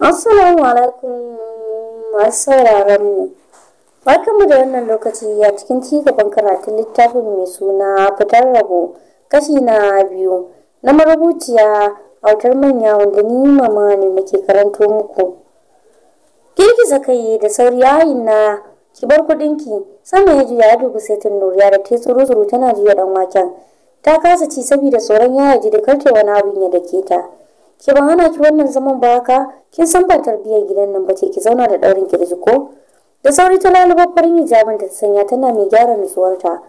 Assalamu alaikum masu sauraron mu. Barkanmu da wannan lokaci ya cikin ci gaban karatun littafin mai suna fitar rabo kashi na biyu na marubuciya autar manya wanda ni mama ne muke karanto muku. Girgiza kai da sauri yayin na kibar ki sama ya juya ya dubi setin nuriya da ta tsuru tsuru tana juya dan waken. Ta kasa ci saboda tsoron ya ji da karta wani abin ya dake ta. Ki ban hana ki wannan zaman ba haka? Kin san ba tarbiyyar gidan nan ba ce ki zauna da ɗaurin kirji ko? Da sauri ta lalubar farin hijabin ta sanya tana mai gyara nutsuwarta.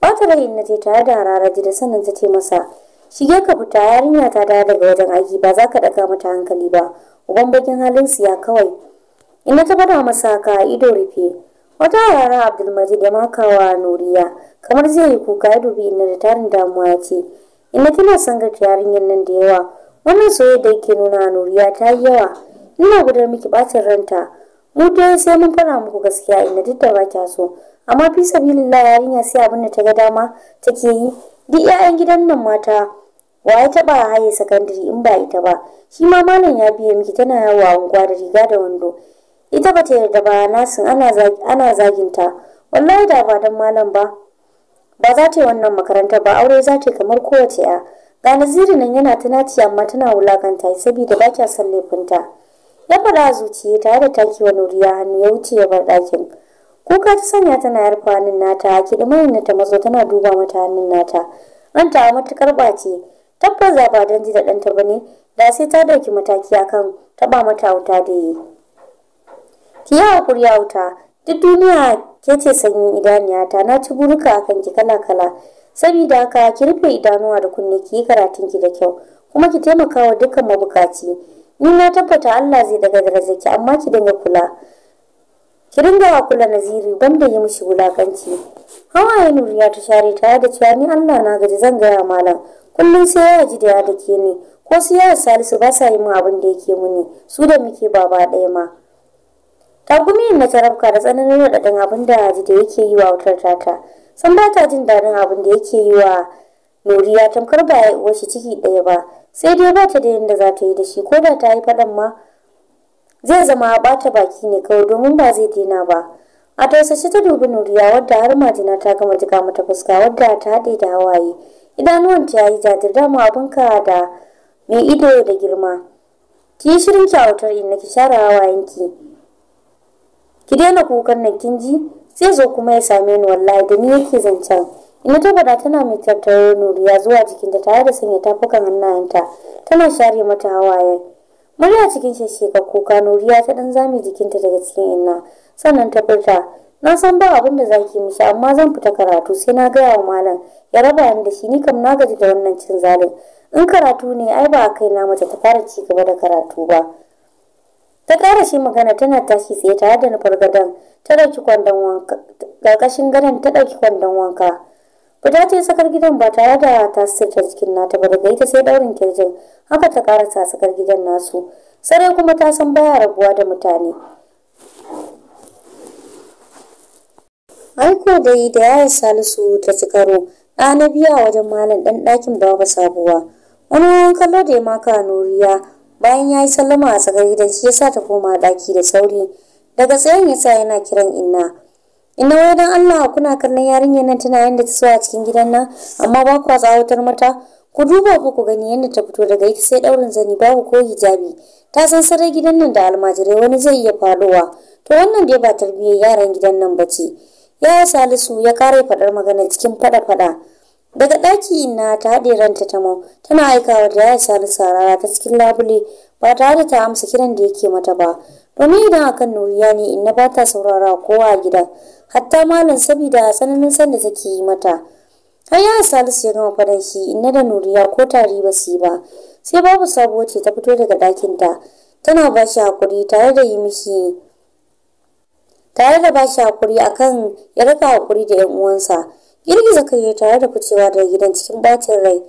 Ba ta rai na ce tare da hararaji da sannan ta ce masa shige ka fita yarinya ta dawo daga wajen aiki ba za ka ɗaga mata hankali ba. Uban bakin halin siya kawai. Ina ta faɗa masa ka ido rufe. wata yara abdulmajid da makawa nuriya kamar zai yi kuka ya dubi inna da tarin damuwa ya ce inna kina son ga yarinyar nan da yawa wannan soyayya da yake nuna nuriya ta yi yawa ina gudar miki bacin ranta mu dai sai mun fara muku gaskiya inda duk da ba kya so amma fi sabilillah yarinya sai abin da ta ga dama take yi duk 'ya'yan gidan nan mata wa ya taba haye sakandare in ba ita ba shi ma malam ya biye miki tana yawo a unguwa da riga da wando ita ba ta yarda ba nasin ana zaginta wallahi da ba dan malam ba ba za ta yi wannan makaranta ba aure za ta yi kamar kowace ya danaziri nan yana ta naci amma tana wulakanta saboda ba kya son laifinta ya fara zuciye tare da taki takewa nuriya hannu ya wuce ya bar ɗakin kuka ta sanya tana yarfa hannun nata kidimayin na ta mazo tana duba mata hannun nata an ta matukar ɓaci tabbas ba don ji da ɗanta ba ne da sai ta dauki mataki akan taɓa mata wuta da yi ki yi hakuri wuta duk duniya ke ce sanyin idaniyata na ci buruka akan ki kala kala saboda haka ki rufe idanuwa da kunne ki yi karatun ki da kyau kuma ki taimaka wa dukkan mabukaci ni na tabbata Allah zai daga ki amma ki dinga kula ki dinga wa kula naziri banda yi mishi wulakanci hawaye nuriya ta share tare da cewa ni Allah na gaji zan gaya malam kullum sai ya ji da ya dake ni ko su ya salisu ba sa yi mu abin da yake muni su da muke baba ɗaya ma tagumi na tarafka da tsananin raɗaɗin abin da ji da yake yi wa wutar tata san ba ta jin daɗin abin da yake yi wa nuriya tamkar ba ya uwar shi ciki ɗaya ba sai dai ba ta da yadda za ta yi da shi ko da ta yi faɗan ma zai zama ɓata baki ne kawai domin ba zai daina ba a tausashi ta dubi nuriya wadda har majina ta gama jika mata fuska wadda ta haɗe da hawaye idanuwan ya yi jajir dama ka da mai ido da girma ki yi shirin kyawatar, in ki share hawayenki ki daina kukan nan kin ji zai zo kuma ya same ni wallahi da ni yake zancen ina ta faɗa tana mai tattaro nuriya zuwa jikinta tare da sanya tafukan hannayenta tana share mata hawaye murya cikin shasheka kuka nuriya ta dan zame jikinta daga cikin inna sannan ta furta na san ba abin da zaki mishi amma zan fita karatu sai na gaya wa malam ya raba ni da shi ni kam na gaji da wannan cin zalin in karatu ne ai ba a kai na mace ta fara ci gaba da karatu ba ta ƙara shi magana tana tashi tsaye tare da nufar gadon ta ɗauki kwandon wanka ƙarƙashin gadon ta ɗauki kwandon wanka fita ce tsakar gidan ba tare da ta sirta jikin nata ba daga ita sai ɗaurin kirjin haka ta kara sa tsakar gidan nasu sarai kuma ta san baya rabuwa da mutane aiko da yi da yaya salisu ta ci karo ɗana na biya wajen malam ɗan ɗakin baba sabuwa wani kallo da ya maka nuriya bayan ya yi sallama a tsakar gidan shi ya sa ta koma ɗaki da sauri daga tsayin ya sa yana kiran inna inna wai dan Allah kuna kallon yarinyar nan tana yanda ta zo a cikin gidan nan amma ba ku tsawatar mata ku duba ku ku gani yadda ta fito daga ita sai daurin zani babu ko hijabi ta san sarai gidan nan da almajirai wani zai iya faruwa to wannan dai ba tarbiyyar yaran gidan nan ba ce ya salisu ya kare faɗar magana cikin faɗa-faɗa. daga ɗaki na ta haɗe ranta ta mau tana aikawa da ya sani sarara ta cikin labule ba tare da ta amsa kiran da yake mata ba domin idan akan nuriya ne inna ba ta saurara kowa a gidan hatta malam saboda tsananin san da take yi mata har ya salisu ya gama fadan shi inna da nuriya ko tari ba su yi ba sai babu sabuwa ce ta fito daga ta tana ba shi hakuri tare da yi mishi tare da ba shi hakuri akan ya raka hakuri da 'yan uwansa girgiza kai tare da ficewa daga gidan cikin bacin rai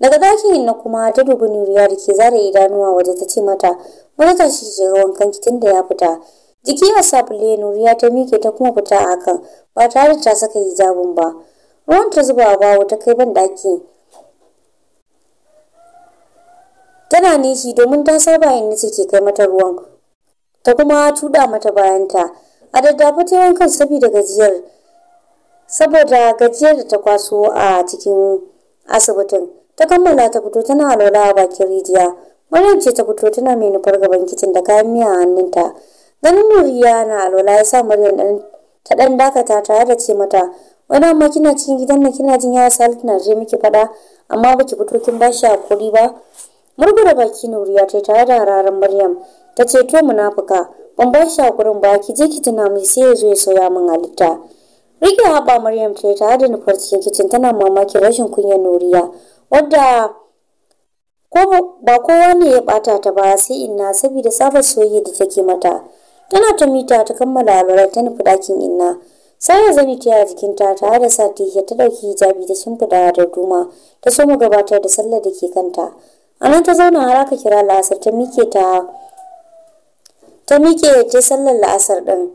daga dakin na kuma ta dubi nuriya da ke zara idanuwa waje ta ce mata wata ta shi je wankan kitin da ya fita jiki a sabule nuriya ta mike ta kuma fita a kan ba tare ta saka hijabin ba ruwan ta zuba bawo ta kai ban daki tana nishi domin ta saba yin nace ke kai mata ruwan ta kuma tuda mata bayanta a daddafa ta wankan sabida gajiyar saboda gajiyar da ta kwaso a cikin asibitin ta kammala ta fito tana alwala a bakin rijiya maryam ce ta fito tana mai nufar gaban kicin da kayan miya a hannunta ganin nuriya na alwala ya sa maryam ɗan ta ɗan dakata tare da ce mata wani amma kina cikin gidan na kina jin yara salatu na je miki faɗa amma baki fito kin bashi hakuri ba da baki nuriya ta tare da hararen maryam ta ce to munafuka ban bashi hakurin ba ki je ki tuna mai sai ya zo ya sauya min halitta Rike haba Maryam ce tare da nufar cikin kicin tana mamakin rashin kunyan Nuriya wadda ba kowa ne ya bata ta ba sai inna saboda tsafar soyayya da take mata. Tana ta mita ta kammala alwala ta nufi ɗakin inna. Sara zani ta yi jikinta ta da sa ta ɗauki hijabi ta shimfiɗa da duma ta mu gabatar da sallar da ke kanta. A nan ta zauna har aka kira la'asar ta mike ta ta mike ta sallar la'asar ɗin.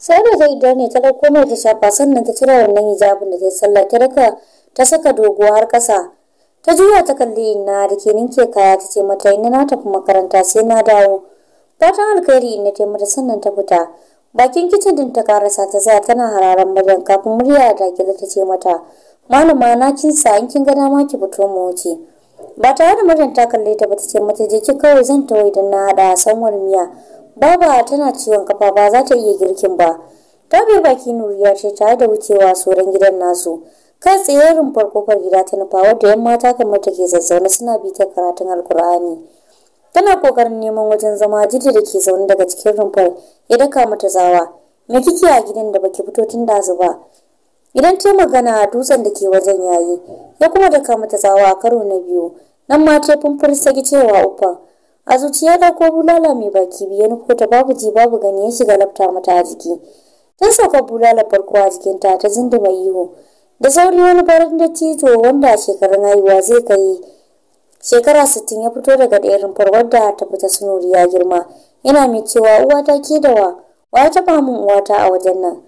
sai da zai dane ta dauko mai ta shafa sannan ta cire wannan hijabin da ta sallah ta raka ta saka dogo har kasa ta juya ta kalli na da ke ninke kaya ta ce mata ina na tafi makaranta sai na dawo fatan alkhairi ina ta mata sannan ta fita bakin kicin din ta karasa ta tsaya tana hararan maryam kafin murya da dakila ta ce mata malama na kin sa in kin ga dama ki fito mu wuce ba tare da maryam ta kalle ta ba ta ce mata je ki kawai zan tawo idan na hada sanwar miya Baba tana ciwon kafa ba za ta iya girkin ba. Ta bai baki Nuriya ce tare da wucewa soran gidan nasu. kan Kai farko far gida ta nufa wadda yan mata kamar take zazzaune suna bi ta karatun Alkur'ani. Tana kokarin neman wajen zama jiji da ke zaune daga cikin rumfar ya daka mata zawa. Me kike a gidan da baki fito tun da ba? Idan ta magana dutsen da ke wajen yayi, ya kuma daka mata zawa a karo na biyu. Nan ma ta fumfur sagi cewa uffa. a zuciya da ko bulala mai baki biyu ko ta babu ji babu gani ya shiga lafta mata a jiki tun sauka bulala farko a jikinta ta mai yiwu da sauri wani barin da tito wanda shekarun haihuwa zai kai shekara sittin ya fito daga ɗayan rumfar wadda ta fita sunuri ya girma yana mai cewa uwata ke da wa wa ta ba min uwata a wajen nan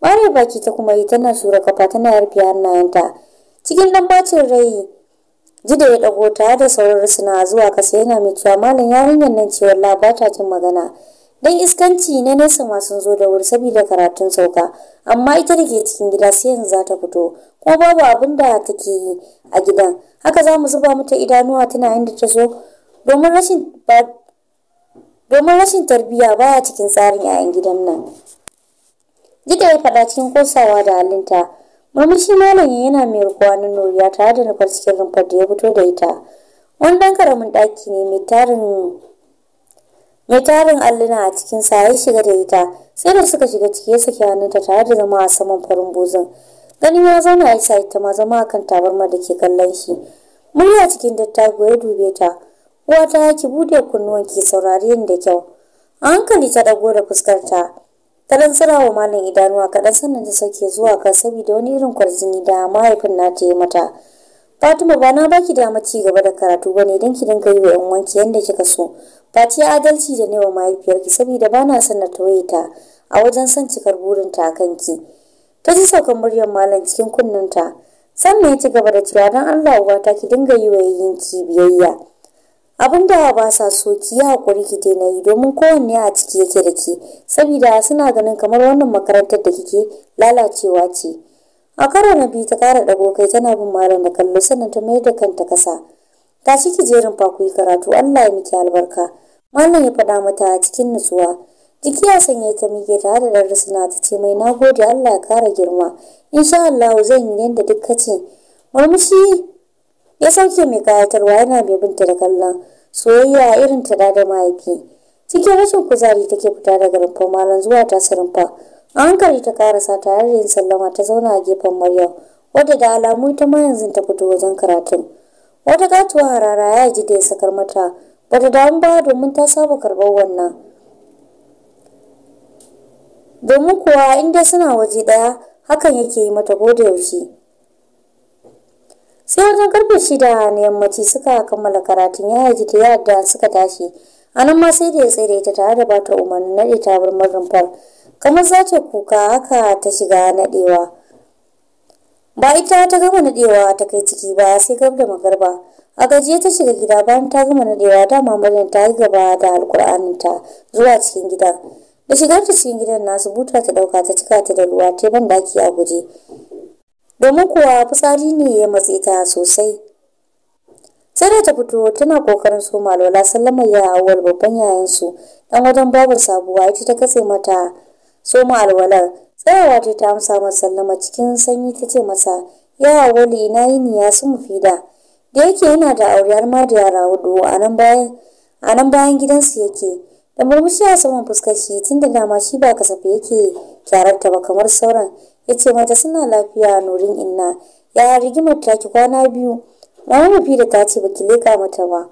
bare baki ta kuma yi tana sura kafa tana rufe hannayenta cikin dan bacin rai Jida ya ɗago tare da sauran na zuwa kasa yana mai cewa malam yarinyar nan ce wallah ba ta cin magana. Dan iskanci na nesa masu zo da wuri saboda karatun sauka, amma ita da ke cikin gida sai yanzu za ta fito, ko babu abin da take yi a gidan. Haka za mu zuba mata idanuwa tana inda ta so, domin rashin domin rashin tarbiyya baya cikin tsarin 'ya'yan gidan nan. Jida ya faɗa cikin kosawa da halinta. murmushi malam yana mai rukuwa na nuriya tare da nufar cikin rumfar da ya fito da ita wani ɗan karamin ɗaki ne mai tarin alluna a cikin sa ya shiga da ita sai da suka shiga ciki ya saki hannunta tare da zama a saman farin bozin ganin ya zauna a isa ita ma zama kan tabarma da ke kallon shi murya cikin dattago ya dube ta uwa ta ki bude kunnuwan ki saurari da kyau a hankali ta ɗago da fuskar ta dan tsira wa malam idanuwa kaɗan sannan ta sauke zuwa kan saboda wani irin kwarzini da mahaifin nata ya mata Fatima ba na baki dama ci gaba da karatu ne don ki dinga yi wa yan wanki yadda kika so Fati adalci da ne wa mahaifiyarki saboda ba na son na tawaye ta a wajen son cikar burinta a kanki ta ji saukan muryar malam cikin kunnenta sannan ya ci gaba da cewa don Allah uwata ki dinga yi wa yayyinki biyayya abin da ba sa so ki yi haƙuri ki daina yi domin kowanne a ciki yake da ke saboda suna ganin kamar wannan makarantar da kike lalacewa ce a karo na biyu ta kara ɗago kai tana bin malam da kallo sannan ta mayar da kanta kasa tashi ki jerin fa yi karatu Allah ya miki albarka malam ya faɗa mata a cikin nutsuwa jiki ya sanya ta miƙe tare da risna ta ce mai gode Allah ya ƙara girma insha allahu zan yi yanda duk kace murmushi ya sauke mai kayatarwa yana mai binta da kallon soyayya a irin ta da mahaifi cikin rashin kuzari take fita daga rumfar malam zuwa ta rumfa a hankali ta karasa tare da yin sallama ta zauna a gefen maryam wadda da alamu ta ma yanzu ta fito wajen karatun wata katuwa rara ya ji da ya sakar mata bata damu ba domin ta saba karɓar wannan domin kuwa inda suna waje ɗaya hakan yake yi mata gode yaushe sai wajen karfe shida na yammaci suka kammala karatun ya yaji ta yadda suka tashi a nan ma sai da ya tsere ta tare da bata ta umarni naɗe ta bar rumfar kamar zace kuka haka ta shiga naɗewa ba ita ta gama naɗewa ta kai ciki ba sai gab da magarba a gajiya ta shiga gida bayan ta gama naɗewa da maryam ta yi gaba da ta zuwa cikin gidan da shigar ta cikin gidan nasu buta ta ɗauka ta cika ta da ruwa ta ban daki a guje domin kuwa fitsari ne ya matsi ta sosai sai da ta fito tana kokarin so malola sallama ya awal babban yayansu dan wajen babar sabuwa ita ta katse mata soma alwalar tsayawa ta ta amsa masa sallama cikin sanyi ta ce masa ya awali ina yi ya su mufida da yake yana da aure har ma da yara hudu a nan bayan gidansu yake da murmushi a saman fuskar shi tun da dama shi ba kasafe yake kyararta ba kamar sauran ya ce mata suna lafiya a nurin inna ya rigimar taki kwana biyu na fi da ta ce baki leka mata ba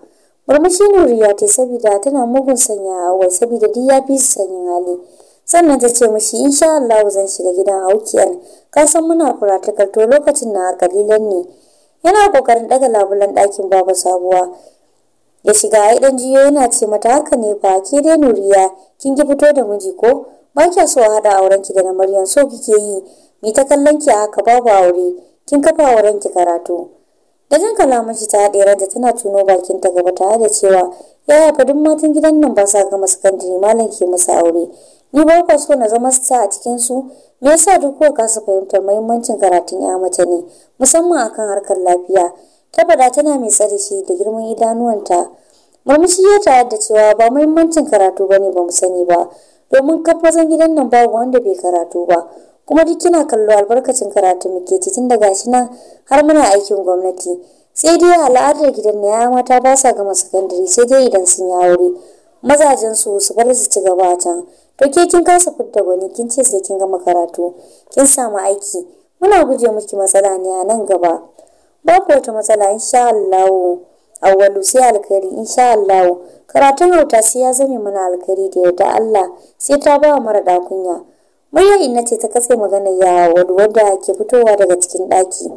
murmushi nuriya ta sabida tana mugun sanya a awai saboda duk ya fi sanyin hali sannan ta ce mishi insha Allah zan shiga gidan aukiyan ka san muna furatukar to lokacin na kalilan ne yana kokarin daga labulan ɗakin baba sabuwa ya shiga ai dan jiyo yana ce mata haka ne ba ke dai nuriya kin ki fito da miji ko ba so a haɗa auren ki da na Maryam so kike yi mi ta kallon ki haka babu aure kin kafa auren ki karatu da jin kalaman shi ta haɗe da tana tuno bakin ta gaba tare da cewa yaya fa duk matan gidan nan ba sa gama sakandare malam ke musu aure ni ba ko so na zama star a cikin su me yasa duk kuwa kasa fahimtar muhimmancin karatun ya mace ne musamman akan harkar lafiya ta bada tana mai tsare shi da girman idanuwanta murmushi ya tare da cewa ba muhimmancin karatu bane ba mu sani ba domin zan gidan nan babu wanda bai karatu ba kuma duk kina kallo albarkacin karatu muke ci tun daga shi nan har muna aikin gwamnati sai dai al'adar gidan na yaya mata ba sa gama sakandare sai dai idan sun yi aure mazajen su su bar su ci gaba can to ke kin kasa fitta gwani kin ce sai kin gama karatu kin samu aiki muna guje miki matsala ne a nan gaba babu wata matsala insha Allah awwalu sai alkhairi insha Allah karatun hauta sai ya zame mana alkhairi da yarda Allah sai ta ba mara da kunya murya inna ce ta katse magana ya wadu wadda ke fitowa daga cikin ɗaki.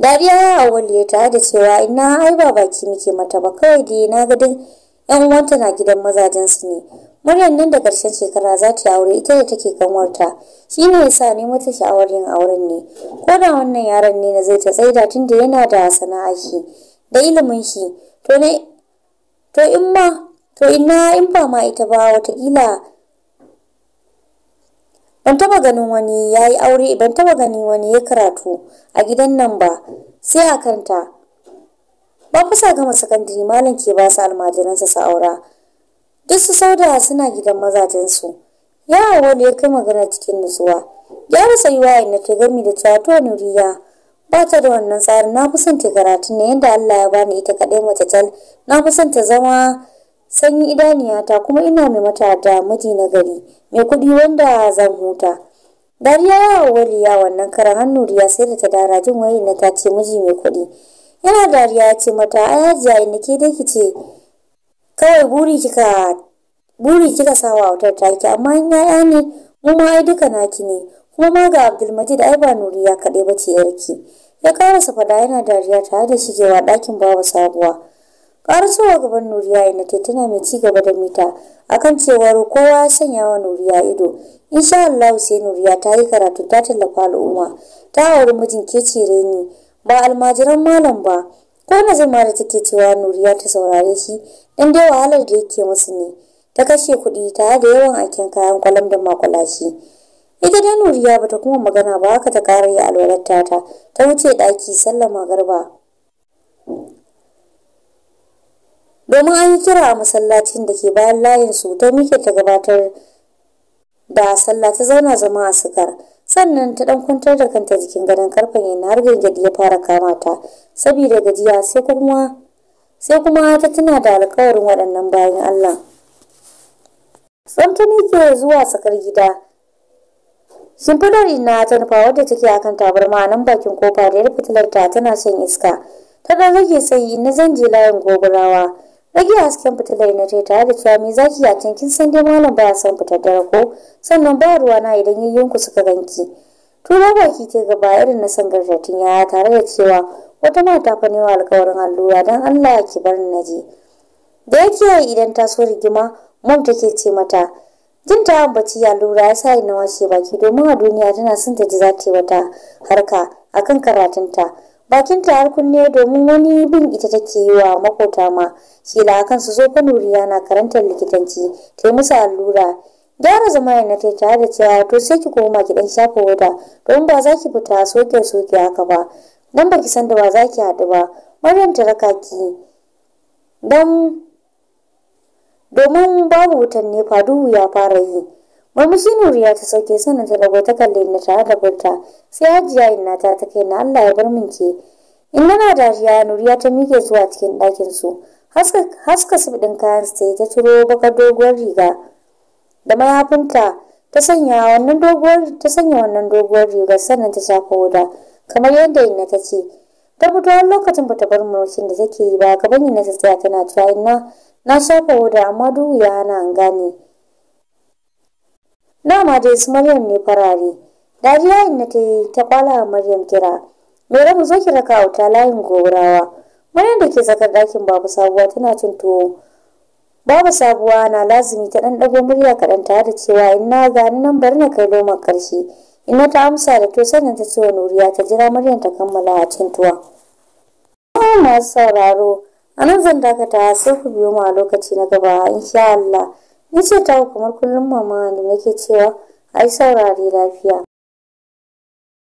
dariya ya awwalu ya ta da cewa inna ai ba baki muke mata ba kawai da na ga dan yan uwanta na gidan mazajen su ne Murya nan da karshen shekara za ta aure ita da take kanwarta shi ne yasa ne mata sha'awar yin auren ne ko da wannan yaron ne na zai ta tsaida tunda yana da sana'a shi da ilimin shi to ne to in ma to ina in ba ma ita ba wataƙila. ban taba ganin wani ya yi aure ban taba ganin wani ya karatu a gidan nan ba sai a kanta ba kusa gama sakandiri malam ke ba su almajiransa su aura duk su sauda suna gidan mazajensu Yawon wani ya kai magana cikin nutsuwa ya rasa yi na ta gami da tato nuriya ba ta da wannan tsarin na fi son ta karatu ne yadda Allah ya bani ita kaɗai mace tal na fi son ta zama sanyi ta kuma ina mai mata da miji na gari mai kuɗi wanda zan huta dariya ya waliya wannan karan hannu riya sai da ta dara jin wayi na ta ce miji mai kuɗi yana dariya ya ce mata a hajiya na ke dai kice kice kawai buri kika buri kika sawa wutar taki amma in ya'ya ne mu ma ai duka naki ne kuma ma ga Abdulmajid ai ba Nuriya kaɗai ba ce yarki ya sa faɗa yana dariya tare da shigewa ɗakin babu sabuwa karasowa gaban nuriya ina tana mai ci gaba da mita a kan cewa kowa ya sanya wa nuriya ido insha allahu sai nuriya ta yi karatu ta tallafa al'umma ta auri mijin kece reni ba almajiran malam ba ko zama da take cewa nuriya ta saurare shi dan dai wahalar da yake musu ne ta kashe kuɗi tare da yawan aikin kayan kwalam da makulashi ita da nuriya bata kuma magana ba haka ta ƙara yi alwalar tata ta wuce ɗaki sallama magarba domin an yi kira a masallacin da ke bayan layin su ta miƙe ta gabatar da sallah ta zauna zama a sukar sannan ta ɗan kwantar da kanta jikin gadon karfen yana har gargadi ya fara kama ta saboda gajiya sai kuma sai kuma ta tuna da alkawarin waɗannan bayan Allah. Tsamta ke zuwa sakar gida Shimfidar na ta nufa wadda take akan tabarma nan bakin kofa da fitilar ta tana son iska. Ta ɗan rage tsayi na zanje layin gobarawa. Rage hasken fitilar na ce tare da cewa me zaki ya can kin san dai malam baya son fitar da rako? sannan ba ruwa na idan yayyunku suka ganki. Tura baki ke gaba irin na san tatin yaya tare da cewa wata mata fa ne alƙawarin allura dan Allah ki bar ni je. Da yake idan ta so rigima mom take ce mata jin ta bacci ya lura ya sa na washe baki domin a duniya tana son ta ji za ta yi wata harka a kan karatunta bakinta har kunne domin wani bin ita take yi wa makota ma shila akan su zo kanuriya na karantar likitanci ta yi musu allura gyara zama na ta tare da cewa to sai ki koma ki dan shafa wata domin ba za ki fita soke soke haka ba dan ki san da ba za ki haɗu ba maryam ta raka ki don. domin babu wutan nefa duhu ya fara yi murmushi nuriya ta sauke sanin ta dago ta kalle na tare da burta sai hajiya inna ta ta kai na allah ya bar min ke in na dariya nuriya ta mike zuwa cikin ɗakin su haska su ɗin kayan su ta turo baka doguwar riga da mayafinta ta sanya wannan doguwar ta sanya wannan doguwar rigar sannan ta shafa wuda kamar yadda inna ta ce ta fito lokacin bata bar murmushin da take yi ba gaban inna ta tsaya tana cewa inna na saboda madu ya nan gani na dai su maryam ne farare dariya na ta yi ta kwala maryam kira mai rabu zo ki raka auta layin gobrawa maryam da ke tsakar ɗakin babu sabuwa tana cin tuwo babu sabuwa na lazumi ta ɗan ɗago murya kaɗan tare da cewa in na gani nan bari na kai loman ƙarshe Inna ta amsa da to sannan ta ce wa Nuriya ta jira Maryam ta kammala a cin tuwa. masu sauraro a nan zan dakata sai ku biyo mu a lokaci na gaba insha Allah ni ce ta kamar kullum mama ne nake cewa ai saurari lafiya